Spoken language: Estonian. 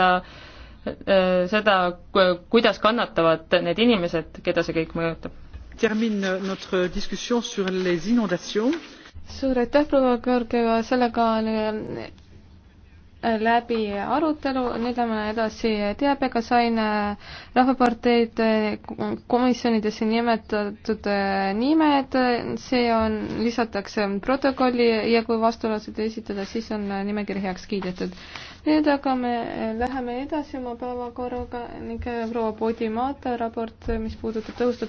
mõista äh, seda, kuidas kannatavad need inimesed, keda see kõik mõjutab. suur aitäh, proua Georgieva, sellega on äh, läbi arutelu, nüüd lähme edasi teabega, sain äh, Rahvaparteid äh, komisjonidesse nimetatud äh, nimed, see on, lisatakse protokolli ja kui vastulaused esitada, siis on nimekiri heaks kiidetud. nüüd aga me läheme edasi oma päevakorraga ning proua Podimata raport, mis puudutab tõhustatud